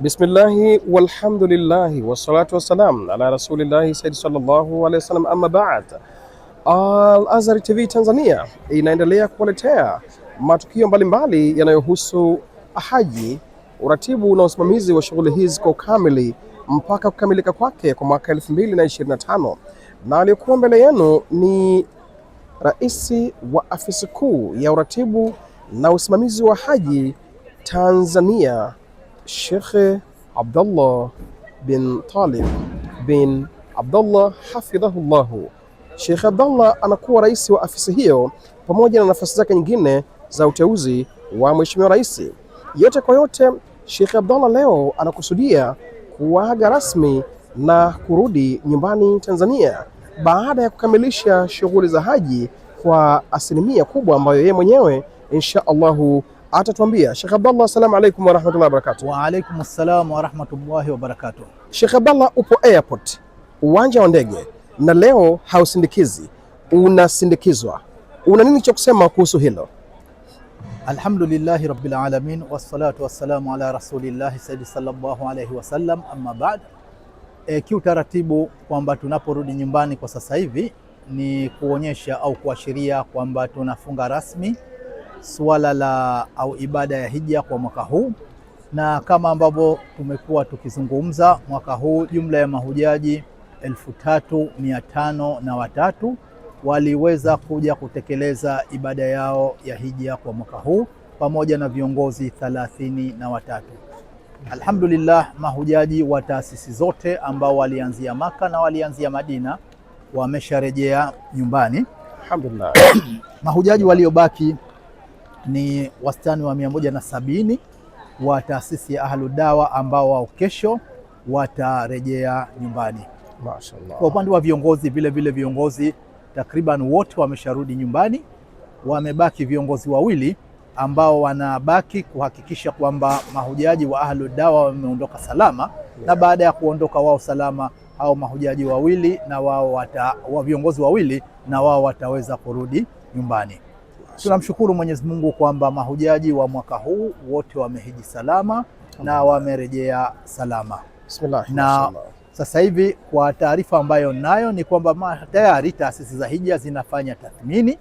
Bismillahi walhamdulillahi wassalatu wassalam ala rasulillahi sayyidi sallallahu alaihi wasallam, amma baad. Al Azhar TV Tanzania inaendelea kuwaletea matukio mbalimbali yanayohusu haji, uratibu na usimamizi wa shughuli hizi kwa ukamili mpaka kukamilika kwake kwa mwaka 2025 na aliyokuwa mbele yenu ni rais wa afisi kuu ya uratibu na usimamizi wa haji Tanzania Shekhe Abdallah bin Talib bin Abdallah hafidhahullahu. Sheikh Abdallah anakuwa rais wa afisi hiyo pamoja na nafasi zake nyingine za uteuzi wa mheshimiwa rais. Yote kwa yote, Sheikh Abdallah leo anakusudia kuaga rasmi na kurudi nyumbani Tanzania baada ya kukamilisha shughuli za haji kwa asilimia kubwa ambayo yeye mwenyewe insha Allahu atatuambia Sheikh Abdallah, assalamu alaykum wa rahmatullahi wa barakatuh. Wa alaykum assalam wa rahmatullahi wa barakatuh. Sheikh Abdallah, upo airport, uwanja wa ndege, na leo hausindikizi, unasindikizwa. Una nini cha kusema kuhusu hilo? Alhamdulillahi rabbil alamin wassalatu wassalamu ala rasulillahi sayyidi sallallahu alayhi wasallam, amma ba'd. E, kiutaratibu kwamba tunaporudi nyumbani kwa sasa hivi ni kuonyesha au kuashiria kwamba tunafunga rasmi suala la au ibada ya hija kwa mwaka huu, na kama ambavyo tumekuwa tukizungumza, mwaka huu jumla ya mahujaji elfu tatu mia tano na watatu waliweza kuja kutekeleza ibada yao ya hija kwa mwaka huu pamoja na viongozi thalathini na watatu. Alhamdulillah, mahujaji wa taasisi zote ambao walianzia Maka na walianzia Madina wamesharejea nyumbani. Alhamdulillah. mahujaji waliobaki ni wastani wa sabini wa taasisi ya Ahlu Dawa ambao wao kesho watarejea nyumbani. Mashallah. Kwa upande wa viongozi vile vile, viongozi takriban wote wamesharudi nyumbani, wamebaki viongozi wawili ambao wanabaki kuhakikisha kwamba mahujaji wa Ahlu Dawa wameondoka salama, yeah. Na baada ya kuondoka wao salama hao mahujaji wawili na wao wata, wa viongozi wawili na wao wataweza kurudi nyumbani. Tunamshukuru Mwenyezi Mungu kwamba mahujaji wa mwaka huu wote wamehiji salama na wamerejea salama. Bismillah. Na sasa hivi kwa taarifa ambayo nayo ni kwamba tayari taasisi za hija zinafanya tathmini,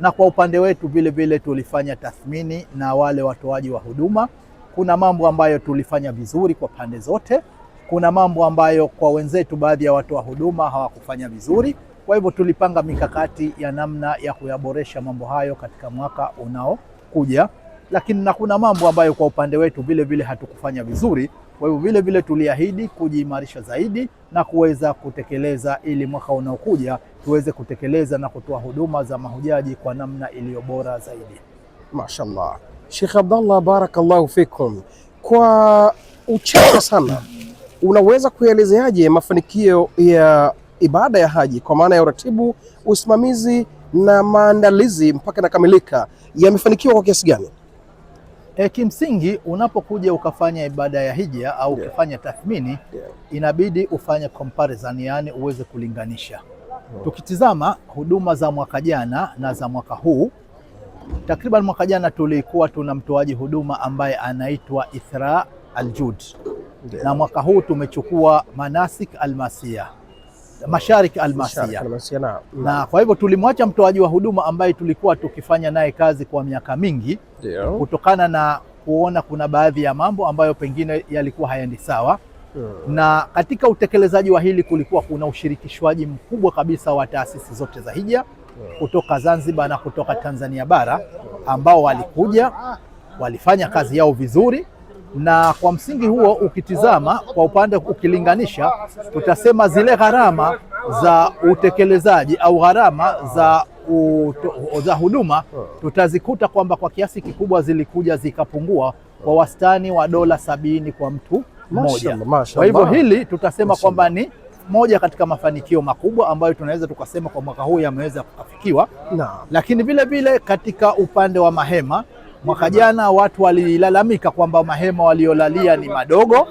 na kwa upande wetu vile vile tulifanya tathmini na wale watoaji wa huduma. Kuna mambo ambayo tulifanya vizuri kwa pande zote, kuna mambo ambayo kwa wenzetu baadhi ya watoa huduma hawakufanya vizuri mm. Kwa hivyo tulipanga mikakati ya namna ya kuyaboresha mambo hayo katika mwaka unaokuja, lakini na kuna mambo ambayo kwa upande wetu vile vile hatukufanya vizuri. Kwa hivyo vile vile tuliahidi kujiimarisha zaidi na kuweza kutekeleza, ili mwaka unaokuja tuweze kutekeleza na kutoa huduma za mahujaji kwa namna iliyo bora zaidi. Mashallah, Sheikh Abdallah, barakallahu fikum. Kwa uchache sana, unaweza kuelezeaje mafanikio ya ibada ya haji kwa maana ya uratibu, usimamizi na maandalizi mpaka inakamilika yamefanikiwa kwa kiasi gani? E, kimsingi unapokuja ukafanya ibada ya hija au ukifanya tathmini yeah. inabidi ufanye comparison, yani uweze kulinganisha oh. Tukitizama huduma za mwaka jana na za mwaka huu, takriban mwaka jana tulikuwa tuna mtoaji huduma ambaye anaitwa Ithra Aljud yeah. na mwaka huu tumechukua Manasik Almasia Mashariki Almasia na, na kwa hivyo tulimwacha mtoaji wa huduma ambaye tulikuwa tukifanya naye kazi kwa miaka mingi Dio. kutokana na kuona kuna baadhi ya mambo ambayo pengine yalikuwa hayaendi sawa hmm. na katika utekelezaji wa hili kulikuwa kuna ushirikishwaji mkubwa kabisa wa taasisi zote za hija hmm. kutoka Zanzibar na kutoka Tanzania bara ambao walikuja walifanya kazi yao vizuri na kwa msingi huo ukitizama kwa upande, ukilinganisha, utasema zile gharama za utekelezaji au gharama za za huduma tutazikuta kwamba kwa kiasi kikubwa zilikuja zikapungua kwa wastani wa dola sabini kwa mtu mmoja. Kwa hivyo hili tutasema kwamba ni moja katika mafanikio makubwa ambayo tunaweza tukasema kwa mwaka huu yameweza kufikiwa, lakini vile vile katika upande wa mahema Mwaka jana watu walilalamika kwamba mahema waliolalia ni madogo,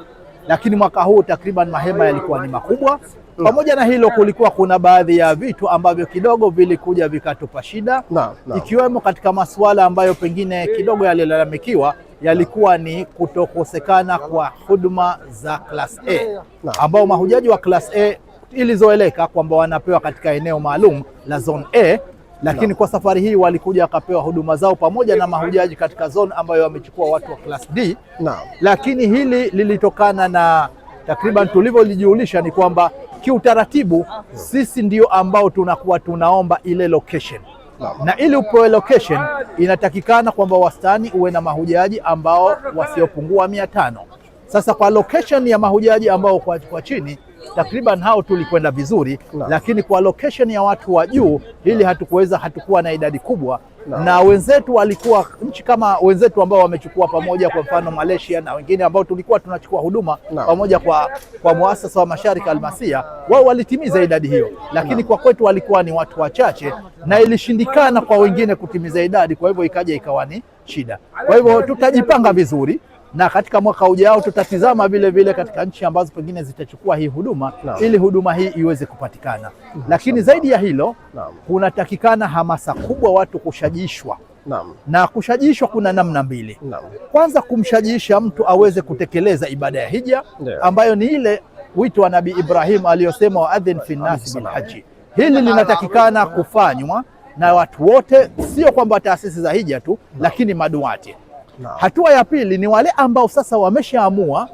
lakini mwaka huu takriban mahema yalikuwa ni makubwa. Pamoja na hilo, kulikuwa kuna baadhi ya vitu ambavyo kidogo vilikuja vikatupa shida, ikiwemo katika masuala ambayo pengine kidogo yalilalamikiwa yalikuwa ni kutokosekana kwa huduma za class A ambao mahujaji wa class A ilizoeleka kwamba wanapewa katika eneo maalum la zone A lakini no. Kwa safari hii walikuja wakapewa huduma zao pamoja na mahujaji katika zone ambayo wamechukua watu wa class D no. Lakini hili lilitokana na takriban tulivyolijulisha ni kwamba kiutaratibu Sisi ndio ambao tunakuwa tunaomba ile location Na ili upewe location inatakikana kwamba wastani uwe na mahujaji ambao wasiopungua mia tano. Sasa kwa location ya mahujaji ambao kwa, kwa chini takriban hao tulikwenda vizuri na, lakini kwa location ya watu wa juu hili hatukuweza, hatukuwa na idadi kubwa na, na wenzetu walikuwa nchi kama wenzetu ambao wamechukua pamoja, kwa mfano Malaysia na wengine ambao tulikuwa tunachukua huduma na, pamoja kwa, kwa muasasa wa Mashariki Almasia, wao walitimiza idadi hiyo, lakini na, kwa kwetu walikuwa ni watu wachache na ilishindikana kwa wengine kutimiza idadi, kwa hivyo ikaja ikawa ni shida. Kwa hivyo tutajipanga vizuri na katika mwaka ujao tutatizama vile vile katika nchi ambazo pengine zitachukua hii huduma Naam. ili huduma hii iweze kupatikana Naam. Lakini zaidi ya hilo kunatakikana hamasa kubwa, watu kushajishwa Naam. na kushajishwa kuna namna mbili Naam. Kwanza kumshajisha mtu aweze kutekeleza ibada ya hija Naam. ambayo ni ile wito wa Nabii Ibrahim aliyosema waadhin fi nnasi bilhaji. Hili linatakikana kufanywa na watu wote, sio kwamba taasisi za hija tu Naam. lakini maduati no. Hatua ya pili ni wale ambao sasa wameshaamua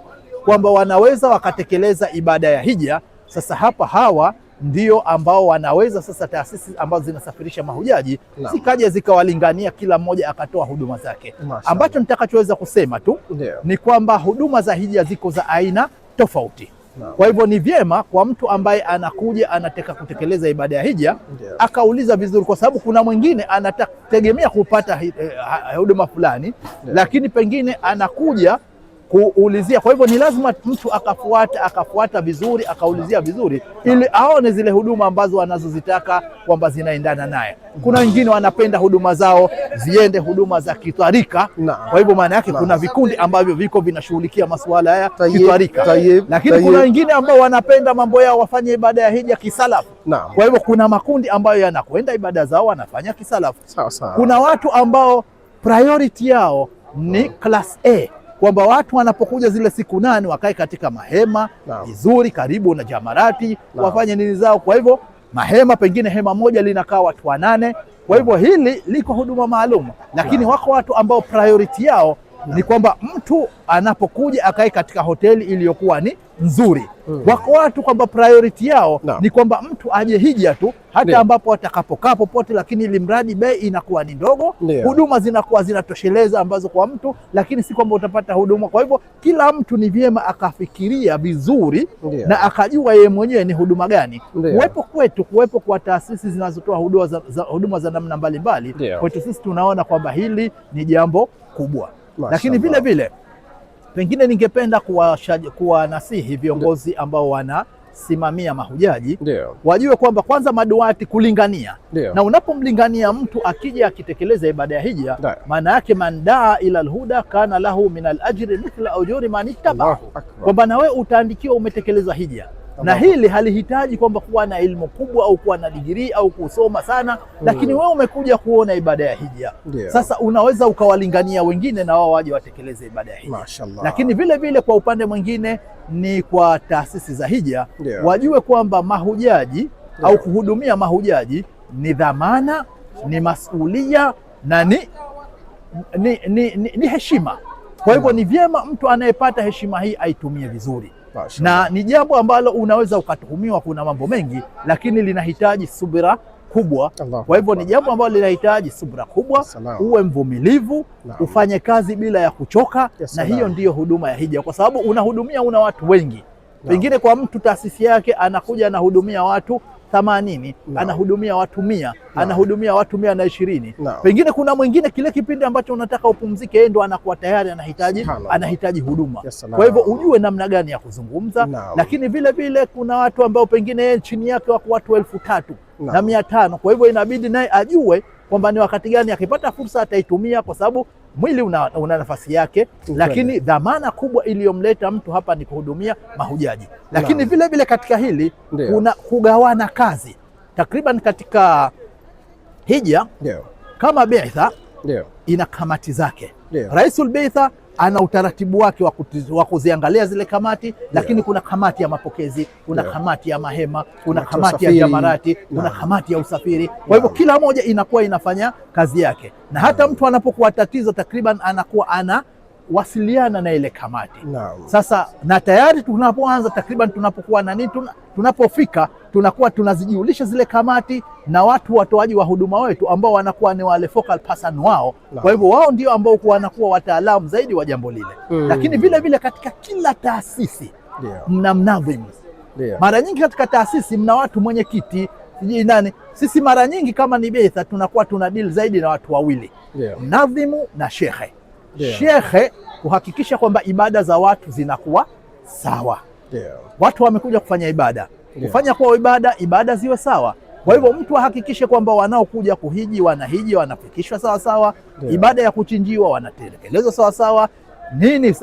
kwamba wanaweza wakatekeleza ibada ya hija. Sasa hapa hawa ndio ambao wanaweza sasa, taasisi ambazo zinasafirisha mahujaji no. zikaja zikawalingania, kila mmoja akatoa huduma zake ambacho nitakachoweza kusema tu no. ni kwamba huduma za hija ziko za aina tofauti. Kwa hivyo ni vyema kwa mtu ambaye anakuja anataka kutekeleza ibada ya hija Akauliza vizuri, kwa sababu kuna mwingine anategemea kupata eh, huduma fulani Lakini pengine anakuja kuulizia. Kwa hivyo ni lazima mtu akafuata akafuata vizuri akaulizia vizuri, ili aone zile huduma ambazo anazozitaka kwamba zinaendana naye. Kuna wengine wanapenda huduma zao ziende huduma za kitwarika, kwa hivyo maana yake kuna vikundi ambavyo viko vinashughulikia masuala ya kitwarika, lakini kuna wengine ambao wanapenda mambo yao wafanye ibada ya hija kisalafu. Kwa hivyo kuna makundi ambayo yanakwenda ibada zao wanafanya kisalafu. Kuna watu ambao priority yao ni class A kwamba watu wanapokuja zile siku nane wakae katika mahema vizuri, karibu na Jamarati wafanye nini zao. Kwa hivyo mahema, pengine hema moja linakaa watu wanane. Kwa hivyo hili liko huduma maalum, lakini wako watu ambao priority yao ni kwamba mtu anapokuja akae katika hoteli iliyokuwa ni nzuri hmm. Wako watu kwamba priority yao no. Ni kwamba mtu aje hija tu hata Ndia. ambapo atakapokaa popote, lakini ili mradi bei inakuwa ni ndogo, huduma zinakuwa zinatosheleza ambazo kwa mtu, lakini si kwamba utapata huduma. Kwa hivyo kila mtu ni vyema akafikiria vizuri Ndia. na akajua yeye mwenyewe ni huduma gani. Kuwepo kwetu, kuwepo kwa taasisi zinazotoa huduma za, za, huduma za namna mbalimbali kwetu sisi tunaona kwamba hili ni jambo kubwa. Lakini vile vile pengine ningependa kuwanasihi viongozi ambao wanasimamia mahujaji Deo. wajue kwamba kwanza maduati kulingania Deo. na unapomlingania mtu akija akitekeleza ibada ya hija, maana yake mandaa ila alhuda kana lahu min alajri mithla ujuri man ittabahu, kwamba na wewe utaandikiwa umetekeleza hija na hili halihitaji kwamba kuwa na elimu kubwa au kuwa na digirii au kusoma sana mm. Lakini wewe umekuja kuona ibada ya hija Sasa unaweza ukawalingania wengine na wao waje watekeleze ibada ya hija Mashallah. Lakini vile vile kwa upande mwingine ni kwa taasisi za hija Wajue kwamba mahujaji au kuhudumia mahujaji ni dhamana, ni masulia na ni, ni, ni, ni, ni heshima. Kwa hivyo ni vyema mtu anayepata heshima hii aitumie vizuri. Na ni jambo ambalo unaweza ukatuhumiwa, kuna mambo mengi, lakini linahitaji subira kubwa. Kwa hivyo ni jambo ambalo linahitaji subra kubwa, uwe mvumilivu, ufanye kazi bila ya kuchoka yes, na hiyo ndiyo huduma ya hija, kwa sababu unahudumia, una watu wengi, pengine kwa mtu taasisi yake anakuja anahudumia watu themanini no. anahudumia watu mia no. anahudumia watu mia na ishirini no. Pengine kuna mwingine kile kipindi ambacho unataka upumzike, yeye ndo anakuwa tayari anahitaji anahitaji huduma yes, no. Kwa hivyo ujue namna gani ya kuzungumza no. Lakini vile vile kuna watu ambao pengine yeye chini yake wako watu elfu tatu no. na mia tano. Kwa hivyo inabidi naye ajue kwamba ni wakati gani akipata fursa ataitumia, kwa sababu Mwili una, una nafasi yake Ukele. Lakini dhamana kubwa iliyomleta mtu hapa ni kuhudumia mahujaji, lakini vilevile vile katika hili Ndeo. kuna kugawana kazi takriban katika hija Ndeo. kama beitha ina kamati zake Raisul Beitha ana utaratibu wake wa kuziangalia zile kamati, lakini yeah. kuna kamati ya mapokezi, kuna yeah. kamati ya mahema, kuna Mato kamati usafiri, ya jamarati, kuna kamati ya usafiri. Kwa hivyo kila moja inakuwa inafanya kazi yake, na hata mtu anapokuwa tatizo takriban anakuwa ana wasiliana na ile kamati no. Sasa na tayari tunapoanza takriban, tunapokuwa nani, tunapofika tunakuwa tunazijiulisha zile kamati na watu watoaji wa huduma wetu ambao wanakuwa ni wale focal person wao no. Kwa hivyo wao ndio ambao wanakuwa wataalamu zaidi wa jambo lile mm. Lakini vile vile katika kila taasisi yeah. Mna mnadhimu yeah. Mara nyingi katika taasisi mna watu mwenyekiti sijui nani. Sisi mara nyingi kama ni betha tunakuwa tuna deal zaidi na watu wawili yeah. Mnadhimu na yeah yeah. Shekhe kuhakikisha kwamba ibada za watu zinakuwa sawa yeah. Watu wamekuja kufanya ibada kufanya yeah. kwa ibada ibada ziwe sawa kwa hivyo mtu ahakikishe kwamba wanaokuja kuhiji wanahiji wanafikishwa sawasawa yeah. Ibada ya kuchinjiwa wanatekelezwa sawasawa nini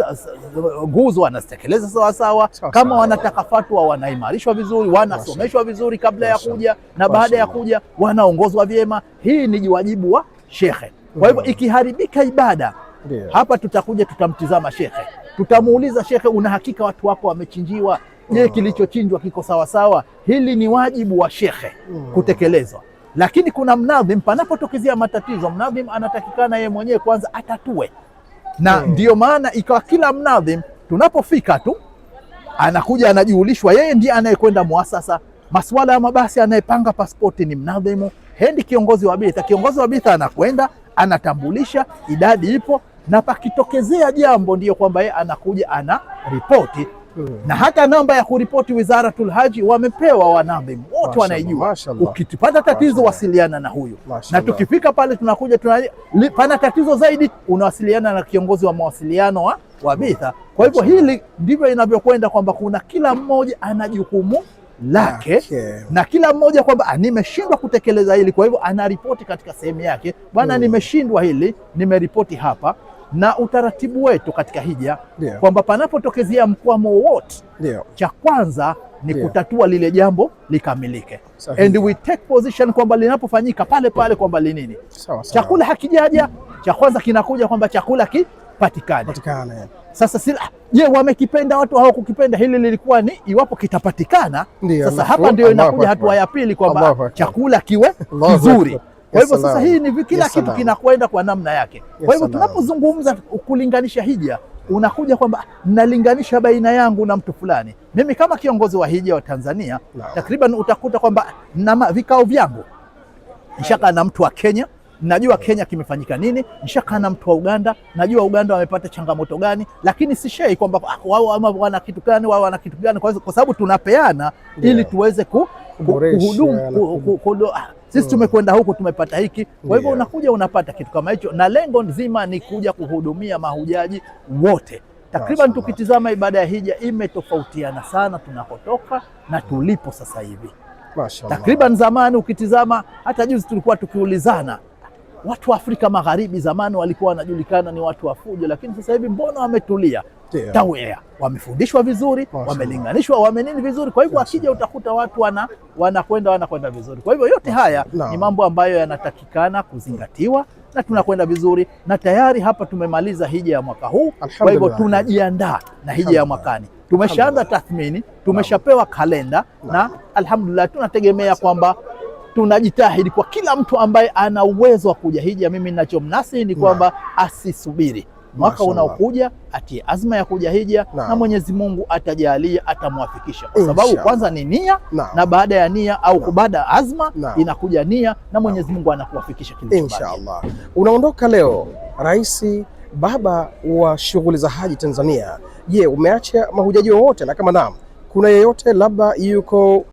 nguzo wanazitekeleza sawasawa. Kama wanataka fatwa wanaimarishwa vizuri, wanasomeshwa vizuri kabla ya kuja na baada ya kuja, wanaongozwa vyema. Hii ni wajibu wa shekhe. Kwa hivyo ikiharibika ibada Yeah. Hapa tutakuja tutamtizama shekhe, tutamuuliza shekhe, una hakika watu wako wamechinjiwa? Je, mm. kilichochinjwa kiko sawasawa? Hili ni wajibu wa shekhe mm. kutekelezwa, lakini kuna mnadhim, panapotokezea matatizo mnadhim anatakikana yeye mwenyewe kwanza atatue, na mm. ndiyo maana ikawa kila mnadhim tunapofika tu anakuja anajiulishwa, yeye ndiye anayekwenda muasasa. Masuala ya mabasi, anayepanga pasipoti ni mnadhimu, hendi kiongozi wa bitha. Kiongozi wa bitha anakwenda anatambulisha, idadi ipo, na pakitokezea jambo ndiyo kwamba yeye anakuja ana ripoti hmm. na hata namba ya kuripoti Wizaratul Haji wamepewa wanambe wote wanaijua. Ukipata tatizo wasiliana na huyu, na tukifika pale tunakuja tuna, pana tatizo zaidi unawasiliana na kiongozi wa mawasiliano wa wabitha. Kwa hivyo hili ndivyo inavyokwenda kwamba kuna kila mmoja ana jukumu lake okay. Na kila mmoja kwamba ah, nimeshindwa kutekeleza hili, kwa hivyo anaripoti katika sehemu yake, bwana, hmm. nimeshindwa hili, nimeripoti hapa na utaratibu wetu katika hija kwamba panapotokezea mkwamo wowote, cha kwanza ni Dio. kutatua lile jambo likamilike and we take position kwamba linapofanyika pale pale kwamba li nini, chakula hakijaja cha kwanza kinakuja kwamba chakula kipatikane. Sasa si ah, je, wamekipenda watu kukipenda Hili lilikuwa ni iwapo kitapatikana. Sasa hapa ndio inakuja hatua ya pili kwamba chakula kiwe kizuri kwa hivyo sasa hii ni kila kitu kinakwenda kwa namna yake. Kwa hivyo tunapozungumza kulinganisha hija, unakuja kwamba ah, nalinganisha baina yangu na mtu fulani. Mimi kama kiongozi wa hija wa Tanzania takriban utakuta kwamba na vikao vyangu nishaka na mtu wa Kenya najua Kenya kimefanyika nini, nishaka na mtu wa Uganda najua Uganda wamepata changamoto gani, lakini sishei kwamba ah, wao ama wana kitu gani, wao wana kitu gani, kwa sababu tunapeana yeah, ili tuweze ku, ku, sisi mm. tumekwenda huku tumepata hiki. Kwa hivyo unakuja unapata kitu kama hicho, na lengo nzima ni kuja kuhudumia mahujaji wote takriban. Tukitizama ibada ya hija imetofautiana sana tunakotoka na tulipo sasa hivi takriban. Zamani ukitizama, hata juzi tulikuwa tukiulizana Watu wa Afrika Magharibi zamani walikuwa wanajulikana ni watu wa fujo, lakini sasa hivi mbona wametulia tawea, wamefundishwa vizuri, wamelinganishwa, wamenini vizuri. Kwa hivyo akija utakuta watu wana wanakwenda wanakwenda vizuri. Kwa hivyo yote haya no. ni mambo ambayo yanatakikana kuzingatiwa na tunakwenda vizuri, na tayari hapa tumemaliza hija ya mwaka huu. Kwa hivyo tunajiandaa na hija ya mwakani, tumeshaanza tathmini, tumeshapewa kalenda na alhamdulillah tunategemea kwamba tunajitahidi kwa kila mtu ambaye ana uwezo wa kuja hija. Mimi ninachomnasi ni kwamba asisubiri mwaka unaokuja atie azma ya kuja hija na, na Mwenyezi Mungu atajalia atamwafikisha, kwa sababu kwanza ni nia na, na baada ya nia au kubada azma na, inakuja nia na Mwenyezi Mungu anakuwafikisha inshallah. Unaondoka leo rais baba wa shughuli za haji Tanzania. Je, umeacha mahujaji wowote? Na kama naam, kuna yeyote labda yuko